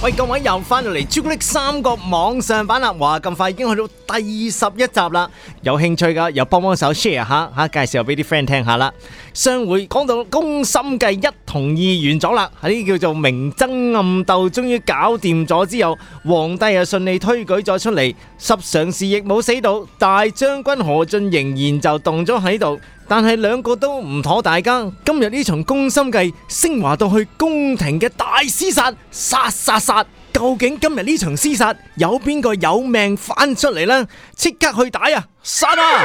喂，各位又翻到嚟《朱古力三國》網上版啦，話咁快已經去到第十一集啦，有興趣噶又幫幫手 share 下吓，介紹俾啲 friend 聽下啦。上回講到《宮心計》一同二完咗啦，喺呢叫做明爭暗鬥，終於搞掂咗之後，皇帝又順利推舉咗出嚟，十常侍亦冇死到，大將軍何進仍然就動咗喺度。但係兩個都唔妥，大家今日呢場攻心計升華到去宮廷嘅大廝殺，殺殺殺！究竟今日呢場廝殺有邊個有命返出嚟呢？即刻去打啊！殺啊！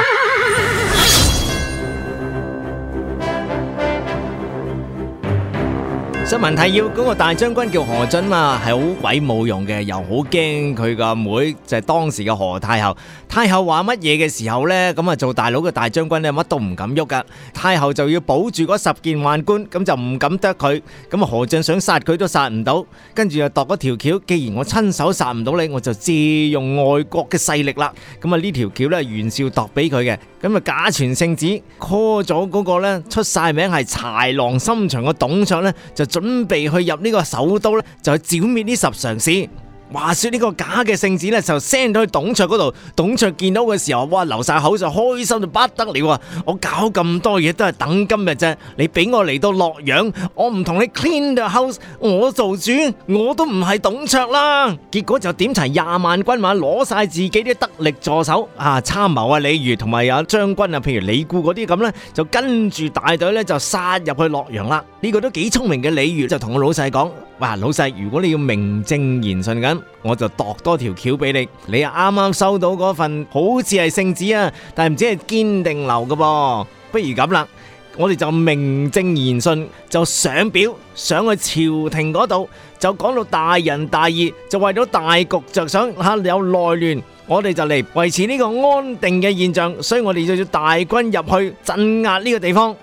新聞提要：嗰、那個大將軍叫何進啊，係好鬼冇用嘅，又好驚佢個妹，妹就係、是、當時嘅何太后。太后話乜嘢嘅時候呢？咁啊做大佬嘅大將軍呢，乜都唔敢喐噶。太后就要保住嗰十件宦官，咁就唔敢剁佢。咁啊何進想殺佢都殺唔到，跟住又度咗條橋。既然我親手殺唔到你，我就借用外國嘅勢力啦。咁啊呢條橋呢，袁紹度俾佢嘅。假傳聖旨 call 咗嗰個出晒名係豺狼心腸嘅董卓咧，就準備去入呢個首都，就去剿滅呢十常侍。話說呢個假嘅聖旨咧，就 send 到去董卓嗰度。董卓見到嘅時候，哇，流晒口水就開心到不得了啊！我搞咁多嘢都係等今日啫。你俾我嚟到洛陽，我唔同你 clean the house，我做主，我都唔係董卓啦。結果就點齊廿萬軍馬，攞晒自己啲得力助手啊，參謀啊，李儒同埋有將軍啊，譬如李固嗰啲咁咧，就跟住大隊咧就殺入去洛陽啦。呢個都幾聰明嘅李儒就同我老細講。哇，老細，如果你要名正言順咁，我就度多條橋俾你。你又啱啱收到嗰份，好似係聖旨啊，但係唔知係堅定流嘅噃。不如咁啦，我哋就名正言順，就上表上去朝廷嗰度，就講到大仁大義，就為咗大局着想，吓有內亂，我哋就嚟維持呢個安定嘅現象，所以我哋就要大軍入去鎮壓呢個地方。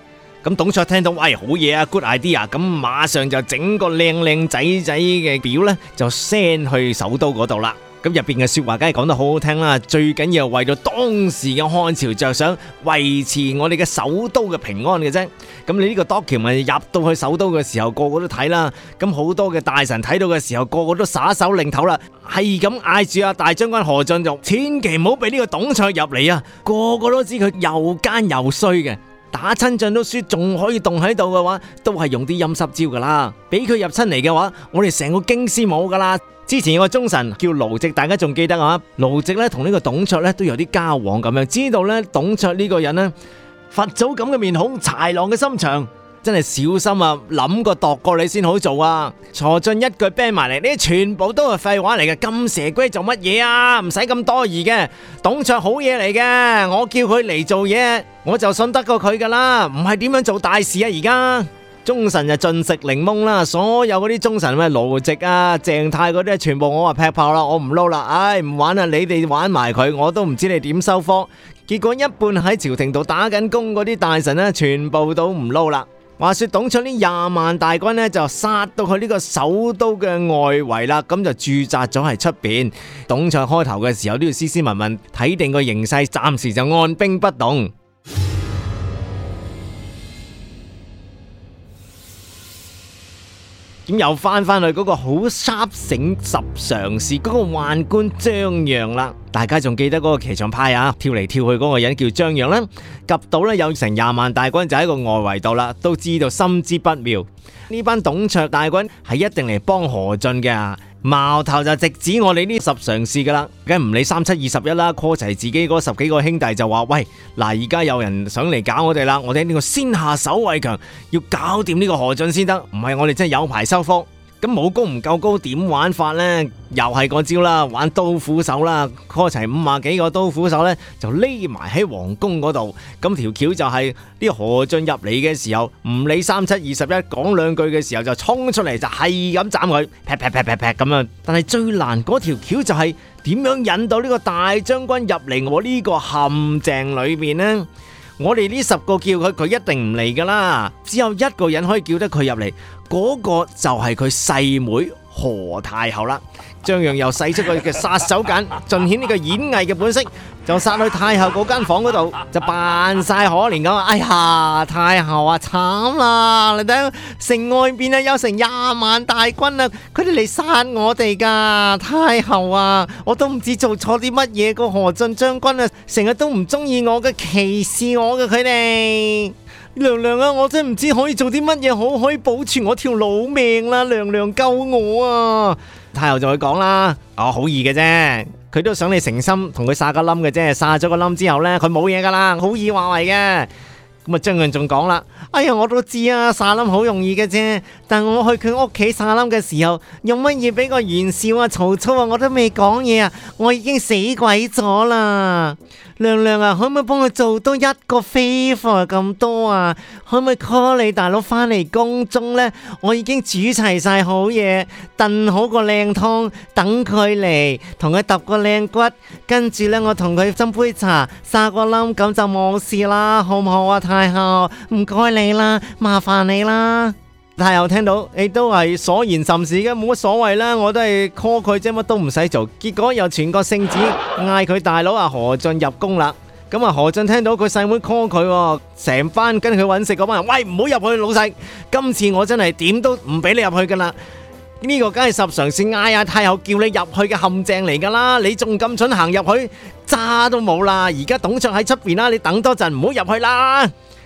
咁董卓聽到，哎，好嘢啊，good idea！咁馬上就整個靚靚仔仔嘅表咧，就 send 去首都嗰度啦。咁入邊嘅說話梗係講得好好聽啦，最緊要係為咗當時嘅漢朝着想，維持我哋嘅首都嘅平安嘅啫。咁你呢個 document 入到去首都嘅時候，個個都睇啦。咁好多嘅大臣睇到嘅時候，個個都耍手擰頭啦，係咁嗌住阿大將軍何進，就千祈唔好俾呢個董卓入嚟啊！個個都知佢又奸又衰嘅。打親仗都輸，仲可以凍喺度嘅話，都係用啲陰濕招噶啦。俾佢入侵嚟嘅話，我哋成個京師冇噶啦。之前有個忠臣叫盧植，大家仲記得啊？盧植咧同呢個董卓咧都有啲交往咁樣，知道咧董卓呢個人呢，佛祖咁嘅面孔，豺狼嘅心腸。真係小心啊！諗過度過你先好做啊！曹俊一句啤埋嚟，呢啲全部都係廢話嚟嘅。咁蛇龜做乜嘢啊？唔使咁多疑嘅。董卓好嘢嚟嘅，我叫佢嚟做嘢，我就信得過佢噶啦。唔係點樣做大事啊？而家忠臣就盡食檸檬啦。所有嗰啲忠臣咪盧植啊、鄭泰嗰啲，全部我話劈炮啦，我唔撈啦，唉唔玩啦，你哋玩埋佢，我都唔知你點收科。結果一半喺朝廷度打緊工嗰啲大臣呢，全部都唔撈啦。話說董卓呢廿萬大軍咧，就殺到去呢個首都嘅外圍啦，咁就駐紮咗喺出邊。董卓開頭嘅時候都要斯斯文文睇定個形勢，暫時就按兵不動。咁又翻翻去嗰個好熟悉十常侍嗰個宦官張讓啦。大家仲記得嗰個騎牆派啊？跳嚟跳去嗰個人叫張讓啦，及到咧有成廿萬大軍就喺個外圍度啦，都知道心知不妙。呢班董卓大軍係一定嚟幫何進嘅。矛頭就直指我哋呢十常侍噶啦，梗係唔理三七二十一啦，call 齊自己嗰十幾個兄弟就話：喂，嗱，而家有人上嚟搞我哋啦，我哋呢個先下手為強，要搞掂呢個何進先得，唔係我哋真係有排收科。咁武功唔夠高點玩法呢？又係個招啦，玩刀斧手啦，開齊五萬幾個刀斧手呢，就匿埋喺皇宮嗰度。咁條橋就係啲何進入嚟嘅時候，唔理三七二十一，講兩句嘅時候就衝出嚟，就係咁斬佢，劈劈劈劈劈。咁樣。但係最難嗰條橋就係點樣引到呢個大將軍入嚟我呢個陷阱裏面呢？我哋呢十個叫佢，佢一定唔嚟噶啦。只有一個人可以叫得佢入嚟。嗰個就係佢細妹何太后啦，張讓又使出佢嘅殺手鐧，盡顯呢個演藝嘅本色，就殺去太后嗰間房嗰度，就扮晒可憐咁。哎呀，太后啊，慘啦、啊！你睇，城外邊啊有成廿萬大軍啊，佢哋嚟殺我哋噶，太后啊，我都唔知做錯啲乜嘢，個何進將軍啊，成日都唔中意我嘅，歧視我嘅佢哋。娘娘啊，我真唔知可以做啲乜嘢好可以保存我條老命啦、啊！娘娘救我啊！太后就會講啦，哦，好易嘅啫，佢都想你誠心同佢撒個冧嘅啫，撒咗個冧之後呢，佢冇嘢噶啦，好易話為嘅。張讓仲講啦，哎呀，我都知啊，撒冧好容易嘅啫。但我去佢屋企撒冧嘅時候，用乜嘢俾個袁紹啊、曹操啊，我都未講嘢啊，我已經死鬼咗啦。娘娘啊，可唔可以幫我做多一個飛佛咁多啊？可唔可以 call 你大佬翻嚟宮中咧？我已經煮齊晒好嘢，燉好個靚湯，等佢嚟，同佢揼個靚骨，跟住咧我同佢斟杯茶，撒個冧咁就冇事啦，好唔好啊？太太后，唔該你啦，麻煩你啦。太后聽到，你都係所言甚是嘅，冇乜所謂啦，我都係 call 佢啫，乜都唔使做。結果又傳個聖旨嗌佢大佬阿何進入宮啦。咁啊，何進聽到佢細妹 call 佢，成班跟佢揾食嗰班人，喂，唔好入去，老細，今次我真係點都唔俾你入去噶啦。呢個梗係十常侍嗌阿太后叫你入去嘅陷阱嚟噶啦，你仲咁蠢行入去，渣都冇啦！而家董卓喺出邊啦，你等多陣唔好入去啦。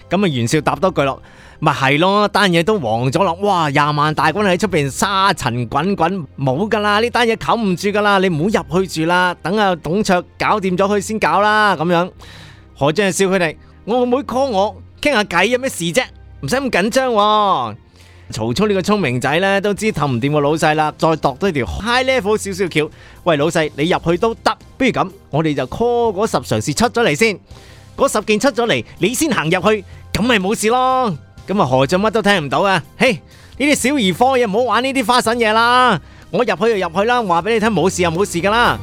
咁啊，袁紹答多句咯，咪係咯，單嘢都黃咗咯。哇，廿萬大軍喺出邊，沙塵滾滾，冇噶啦，呢單嘢冚唔住噶啦，你唔好入去住啦，等阿董卓搞掂咗佢先搞啦，咁樣。何進笑佢哋，我會唔會 call 我，傾下偈有咩事啫，唔使咁緊張。曹操呢個聰明仔呢，都知氹唔掂個老細啦，再度多一條 high level 少少橋。喂，老細，你入去都得，不如咁，我哋就 call 嗰十常侍出咗嚟先，嗰十件出咗嚟，你先行入去，咁咪冇事咯。咁啊，何進乜都聽唔到啊？嘿，呢啲小兒科嘢，唔好玩呢啲花神嘢啦。我入去就入去啦，話俾你聽冇事就冇事噶啦。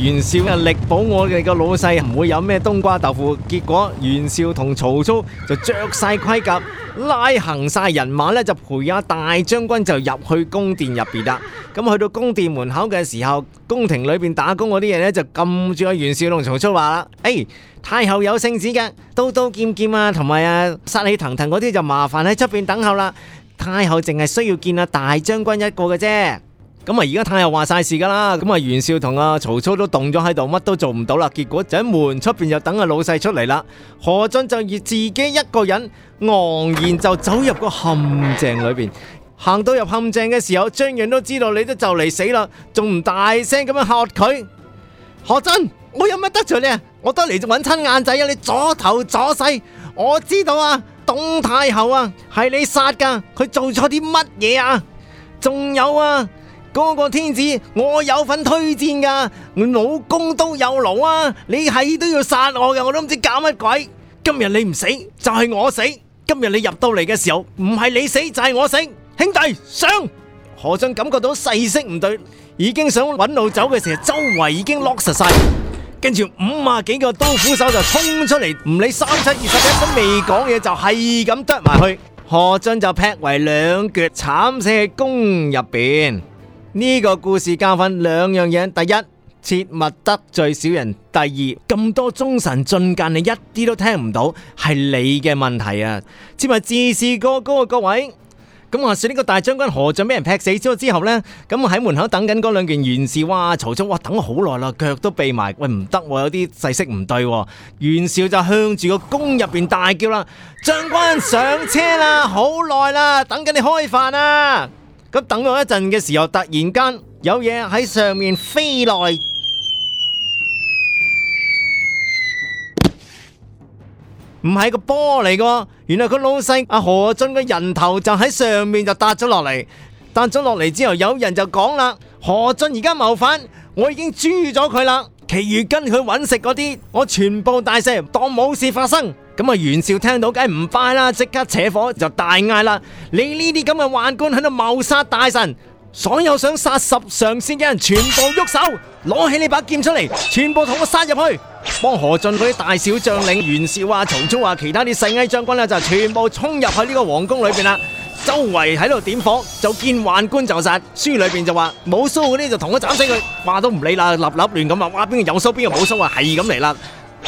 袁紹啊，力保我哋個老細唔會有咩冬瓜豆腐。結果袁紹同曹操就着晒盔甲，拉行晒人馬咧，就陪阿大將軍就入去宮殿入邊啦。咁去到宮殿門口嘅時候，宮廷裏邊打工嗰啲嘢咧就撳住阿袁紹同曹操話啦：誒、哎，太后有聖旨嘅，刀刀劍劍啊，同埋啊殺氣騰騰嗰啲就麻煩喺出邊等候啦。太后淨係需要見阿大將軍一個嘅啫。咁啊！而家太后話晒事噶啦。咁啊，袁紹同阿曹操都凍咗喺度，乜都做唔到啦。結果就喺門出邊又等阿老細出嚟啦。何進就以自己一個人昂然就走入個陷阱裏邊。行到入陷阱嘅時候，張讓都知道你都就嚟死啦，仲唔大聲咁樣嚇佢？何進，我有咩得罪你啊？我都嚟揾親眼仔啊！你左頭左勢，我知道啊，董太后啊，係你殺噶，佢做錯啲乜嘢啊？仲有啊！嗰個天子，我有份推薦噶、啊，我老公都有勞啊！你係都要殺我嘅，我都唔知搞乜鬼。今日你唔死就係、是、我死，今日你入到嚟嘅時候唔係你死就係、是、我死。兄弟上！何進感覺到勢色唔對，已經想搵路走嘅時候，周圍已經落實晒，跟住五十幾個刀斧手就衝出嚟，唔理三七二十一都未講嘢，就係咁剁埋去。何進就劈為兩腳，慘死喺宮入邊。呢個故事教訓兩樣嘢，第一，切勿得罪小人第二，咁多忠臣進諫，你一啲都聽唔到，係你嘅問題啊！切勿自視過高，各位。咁話說呢個大將軍何進俾人劈死咗之後呢？咁喺門口等緊嗰兩件袁紹，哇！曹操哇，等好耐啦，腳都痹埋。喂，唔得，我有啲細色唔對喎。袁紹就向住個宮入邊大叫啦：「將軍上車啦，好耐啦，等緊你開飯啊！」等咗一陣嘅時候，突然間有嘢喺上面飛落嚟，唔係個波嚟㗎，原來佢老細阿何進嘅人頭就喺上面就笪咗落嚟，笪咗落嚟之後，有人就講啦，何進而家謀反，我已經誅咗佢啦，其餘跟佢揾食嗰啲，我全部大赦，當冇事發生。咁啊！袁紹聽到梗係唔快啦，即刻扯火就大嗌啦！你呢啲咁嘅宦官喺度謀殺大臣，所有想殺十常侍嘅人全部喐手，攞起呢把劍出嚟，全部同我殺入去，幫何進嗰啲大小將領、袁紹啊、曹操啊、其他啲細矮將軍咧，就全部衝入去呢個皇宮裏邊啦，周圍喺度點火，就見宦官就殺。書裏邊就話冇鬚嗰啲就同我斬死佢，話都唔理啦，立立亂咁啊！話，邊個有鬚邊個冇鬚啊？係咁嚟啦！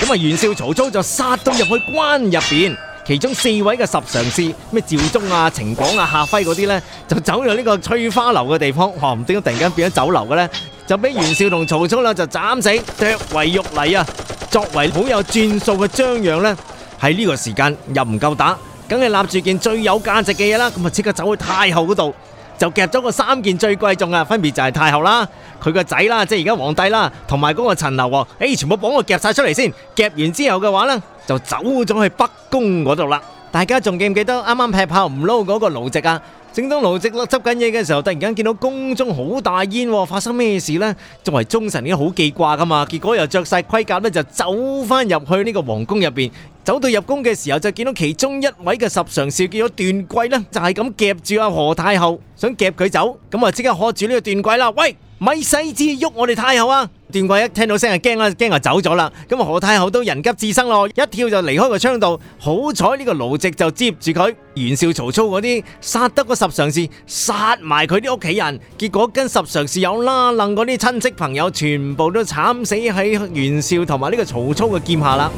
咁啊！袁紹、曹操就殺到入去關入邊，其中四位嘅十常侍，咩趙忠啊、程廣啊、夏輝嗰啲咧，就走入呢個翠花樓嘅地方，唔知點突然間變咗酒樓嘅咧，就俾袁紹同曹操啦，就斬死，剁為肉泥啊！作為好有戰術嘅張揚咧，喺呢個時間又唔夠打，梗係立住件最有價值嘅嘢啦，咁啊即刻走去太后嗰度。就夾咗個三件最貴重啊，分別就係太后啦、佢個仔啦、即係而家皇帝啦，同埋嗰個陳留王喎，誒、欸，全部幫我夾晒出嚟先，夾完之後嘅話呢，就走咗去北宮嗰度啦。大家仲記唔記得啱啱劈炮唔撈嗰個盧植啊？正當盧植執緊嘢嘅時候，突然間見到宮中好大煙，發生咩事呢？作為忠臣，已經好記掛噶嘛。結果又着晒盔甲呢，就走翻入去呢個皇宮入邊。走到入宮嘅時候，就見到其中一位嘅十常侍叫咗段貴呢，就係咁夾住阿何太后，想夾佢走，咁啊即刻喝住呢個段貴啦，喂，咪細支喐我哋太后啊！段貴一聽到聲就驚啦，驚就走咗啦。咁阿何太后都人急智生咯，一跳就離開個窗度，好彩呢個盧植就接住佢。袁紹、曹操嗰啲殺得個十常侍，殺埋佢啲屋企人，結果跟十常侍有啦楞嗰啲親戚朋友全部都慘死喺袁紹同埋呢個曹操嘅劍下啦。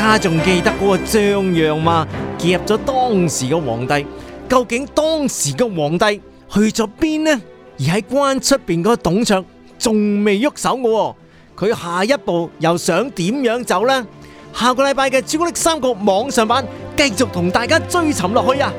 大家仲記得嗰個張讓嘛？夾咗當時嘅皇帝，究竟當時嘅皇帝去咗邊呢？而喺關出邊嗰個董卓仲未喐手喎，佢下一步又想點樣走呢？下個禮拜嘅《朱古力三國》網上版繼續同大家追尋落去啊！